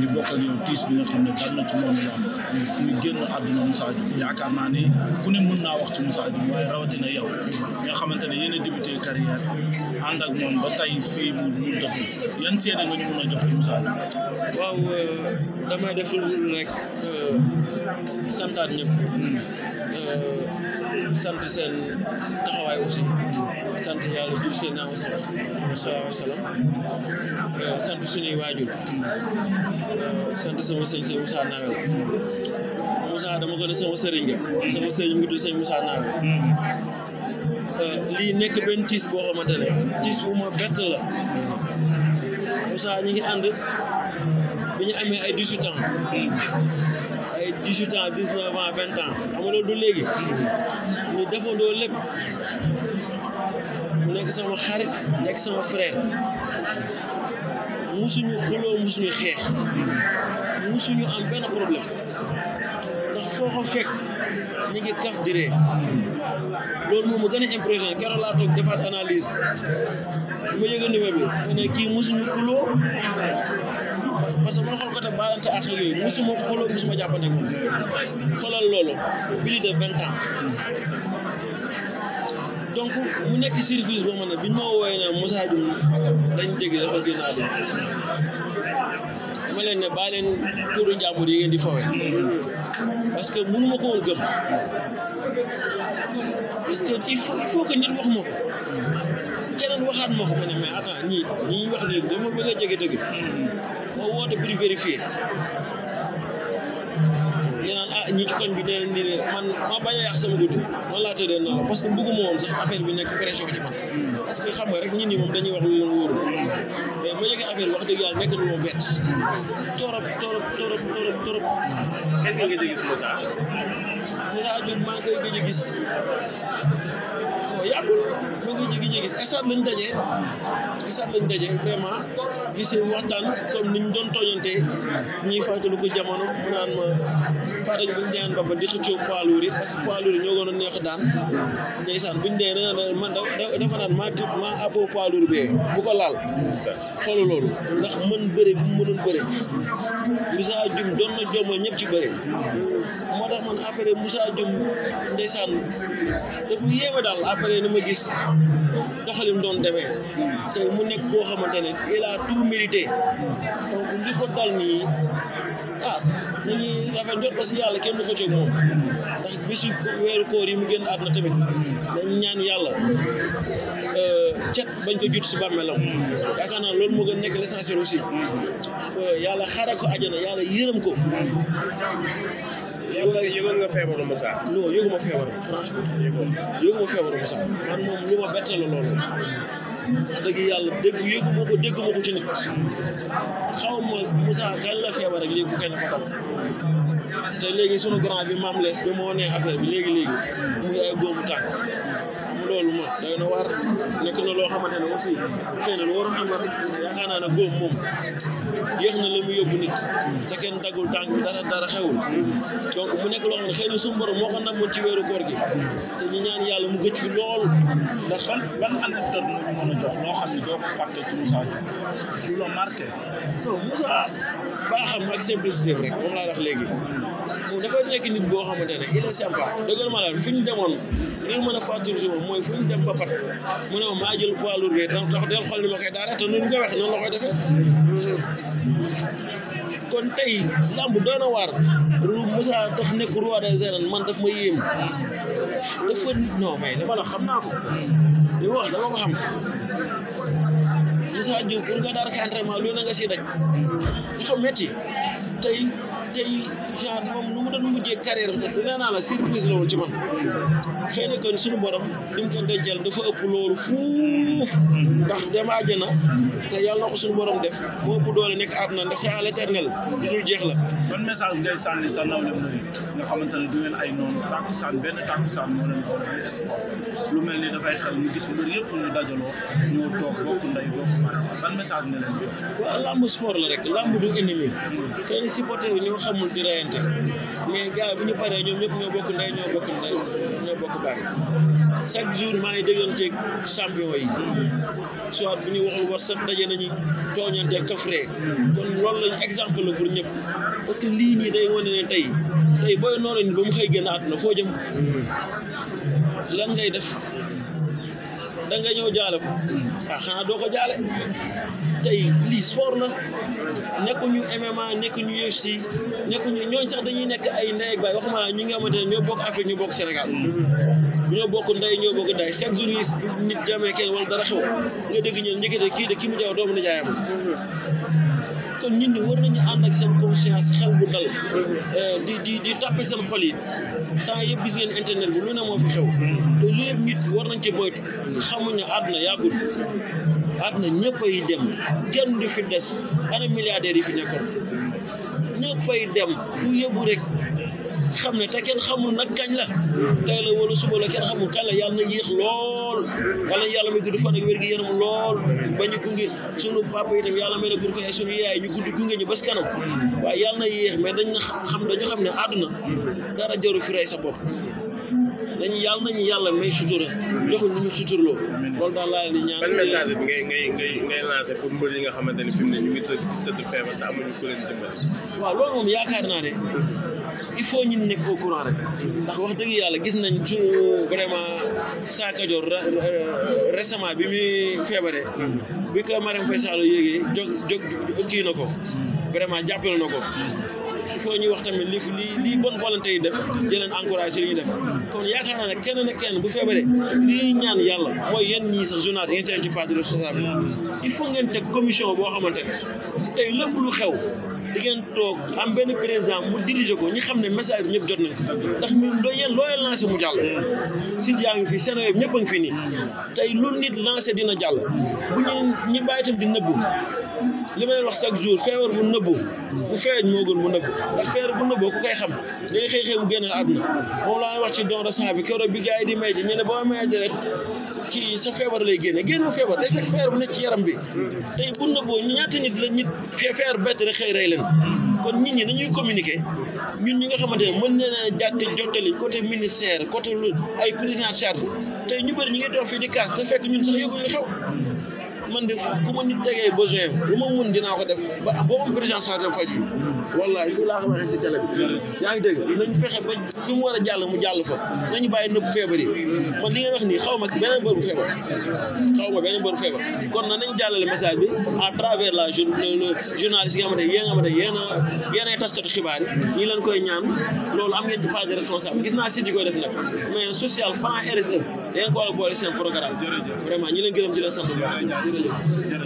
ñu bokk ak yow tiis bi nga xam ne dal na ci moom la ñu génn àdduna Moussa yaakaar naa ne ku ne mën naa wax ci Moussa Diouf rawatina yow nga xamante ne yéen a débuté carrière ànd ak moom ba tey fii mu mu dëkk yan seede nga ñu mën a jox ci Moussa waaw euh, damay def rek euh, santaat ñëpp. Hmm. Euh, sant seen taxawaay aussi sant yàlla jul euh, suñuy waajur euh, sant sama sëñ sëñ Moussa Nawel Moussa dama ko ne sama sëriñ euh, nekk benn tiis xamante ne tiis bu la Moussa ñu ngi ànd bi ñu amee ay 18 ans dix-huit ans vingt ans xam nga loolu du léegi ñu defandoo lépp mu nekk sama xarit nekk sama frère musuñu xuloo musuñu xeex musuñu am benn problème ndax foo ko fekk ñu ngi kaf di ree loolu moom mu gën a impressionné keroog laa toog defaat analyse ma yëga niveau bi musuñu xuloo côté baalante ak yooyu musuma xuloo musuma jàppante mu nekk service boo xam ne bi ñu ma woowee ne Moussa Dioum lañ dafa génn àdduna dama leen ne baa leen tuuru njàmbur yi ngeen di fawee parce que mënu ma ko woon gëm parce que il faut il faut que nit wax ma ko keneen waxaat ma ko ma ne mais attends ñii wax nii dafa bëgg a jege dëgg de prix vérifié ñu naan ah ñi ci koñ bi nee nii man ma bañ a yàq sama guddi man laa tëddee noonu parce que bëgguma woon sax affaire bi nekk pression ci man parce que xam nga rek ñit ñi moom dañuy wax lu leen wóorul ma yëgee affaire wax dëgg yàlla nekk na moom bett torop torop torop torop torop xel nga gëj a gis Moussa Moussa Diop maa ngi koy gëj a gis yàggul ñu ngi jigi jigi esat lañ dajee esat lañ dajee vraiment gisee waxtaan comme niñ doon tooñante ñuy fàttali ko jamono mu naan ma faatañ buñu deen ba di xëccoo poids lourd yi parce que poids daan ndeysaan buñu dee da man dafa naan maa tib maa appoo poids lourd bu ko laal xoolu loolu ndax mën bëre bu mu mënoon bëre Moussa Dioum doon na jommal ñëpp ci bëre man après Moussa Dioum ndeysaan dafa daal après ni ma gis doxalim doon demee mu nekk koo xamante ne il a tout mérité donc ko dal ah, yàlla kenn du ko coog moom ndax bisu weeru koor yi mu génn àdduna tamit dañu ñaan yàlla euh, cet bañ ko jut si bàmmeelam yàlla xaaral ko àjjana yàlla yërëm ko yëngal yëngal nga feebaru Moussa. non yëngu ma feebaru franchement. yëngu ma feebaru Moussa. man moom lu ma bett loolu. wax dëgg yàlla dégg yëngu ma ko dégg ma ko ci nit. xaw ma Moussa kan la feebar ak léegi bu kenn ko te léegi sunu grand bi Mame Less bi moo nee affaire bi léegi léegi. muy ay góobu tànk. ma day na war nekk na loo xamante ne aussi xëy na lu waroon am la yaakaar naa ne góob moom yéex na li mu yóbbu nit te kenn daggul tànk dara dara xewul donc mu nekk loo xam ne xëy borom moo ko namoon ci weeru koor gi te ñu ñaan yàlla mu gëj fi lool ndax ban ban anecdote a jox loo xam ne doo ko fàtte ci Moussa Diouf lu la marqué non Moussa dafay nekk nit boo xamante ne il est sympa dëggal ma la fi ñu demoon li mën a fàttali moom mooy fu dem ba pat mu ne ma maa jël poids lourd te nuñ ko wax defee kon tey làmb doy na waar ru Moussa tax nekk roi des arènes man daf ma yéem dafa non mais dama la xam naa ko li ma wax dama ko xam Moussa Diop pour nga daara ka entraînement lu na nga si daj naa la surprise la ci man xëy na kon suñu borom li mu ko dencal dafa ëpp loolu fuuf ndax dem àjjana te yàlla na ko suñu borom def moo ëpp doole nekk àdduna ndax c'est à l'éternel lu jeex la. ban message ngay sànni sa nawle mbër yi nga xamante ne du ay noonu tàkkusaan benn tàkkusaan moo leen xool ay espoir lu mel ni dafay xew ñu gis mbër yëpp ñu dajaloo ñoo toog bokk ndey bokk baay ban message nga leen di làmb sport la rek làmb du ennemi. xëy na supporter bi ñoo ñoo bokk ko bàyyi chaque jour maa ngi dégganteeg champion yi soit bu ñuy waxul WhatsApp daje nañu tooñante kafre kon loolu lañu exemple la pour ñëpp parce que lii nii day wane ne tey tey booy noonu ba mu xëy génn àdduna foo jëm hmm. lan ngay def da nga ñëw jaale ko ah xanaa doo ko jaale tey lii sport la nekku ñu MMA nekku ñu si nekku ñu ñooñ sax dañuy nekk ay ndey ak baay waxuma ñu nga xamante ne ñoo bokk Afrique ñu bokk Sénégal bu ñoo bokk nday ñoo bokk nday chaque jour yi nit demee kenn wala dara xew nga dégg ñoom njëkkate kii de ki mu jaw doomu nijaayam kon ñu ñi war nañu ànd ak seen conscience xel bu dal euh, di di di tàppe seen xol yi temps yëpp gis internet bi lu ne moo fi xew te lu yëpp nit war nañ ci boytu xamuñ ne àdduna yàggul àdduna ñëpp ay dem kenn du fi des ana milliardaires yi fi nekkoon ñëpp ay dem lu yëbu rek xam ne te kenn xamul nag kañ la tey la wala suba la kenn xamul kañ la yàlla na yéex lool yàlla na yàlla may gudd fan ak wér gi yaram lool ba ñu gunge sunu papa yi tam yàlla may na gudd fan ak sunu yaay ñu gudd gungee ñu bés kanam waaye yàlla na yéex mais dañ na xam dañu xam ne àdduna dara joru fi rey sa bopp dañu yàlla nañu yàlla may sutura jox lu ñu suturloo loolu daal laa di ñaan ban message bi ngay ngay pour mbër yi nga xamante ne fi ne ñu ngi tëdd si tëdd feebar te amuñu ku leen dimbali moom yaakaar naa ne il faut ñu nekk au courant rek ndax wax dëgg yàlla gis nañ suñu vraiment Sa Kajoor récemment bi muy feebaree bi ko Marème Faye Sall yéegee jóg jóg na ko vraiment jàppale na ko il faut wax tamit li li lii bonne volonté yi def di leen encouragé li ñuy ne kenn na kenn bu feebaree yàlla mooy yéen ñii sax journaliste ngeen teg ci part de responsable il boo xamante ne tey lépp lu xew di ngeen toog am benn président mu diriger ko ñu xam ne message ñëpp jot nañ ko ndax doo yéen looy lancé mu jàll si yaa ngi fii Sénégal ñëpp a ngi fi nii tey lu nit lancé dina jàll bu ñu ñu bàyyi itam di nëbbu li may wax chaque jour feebar bu nëbbu bu feeñ moo gën bu nëbbu ndax feebar bu nëbbu ku koy xam day xëy xëy mu génn àdduna moom laa wax ci don de sang bi keroog bi gars yi di may ji boo may ji rek ci sa génne génn mu feebar day fekk feebar bu nekk ci yaram bi tey bu nëbboo la nit feebar bett rek xëy rey leen kon nit ñi nañuy communiquer ñun ñu nga xamante ne mën nañ a jàtte jottali côté ministère côté lu ay président charge ñu bëri ñu ngi toog fii di kaas te fekk ñun sax yëguñu xew man de ku ma nit tegee besoin lu ma mun dinaa ko def ba boo ma président saa dem faj yi laa ko waxee si télé yaa ngi dégg nañu fexe ba fi mu war a jàll mu jàll fa nañu bàyyi nëbb feebar yi man li nga wax nii xaw ma beneen mbëru feebar xaw ma beneen mbëru kon na nañ jàllale message bi a travers la journaliste yi nga xamante ne yéen nga xamante ne a yéenay taskatu xibaar yi ñi leen koy ñaan loolu am ngeen part de responsable gis naa site yi koy def nag mais social plan RSE da ngeen ko war a boole seen programme vraiment ñi leen jërëjëf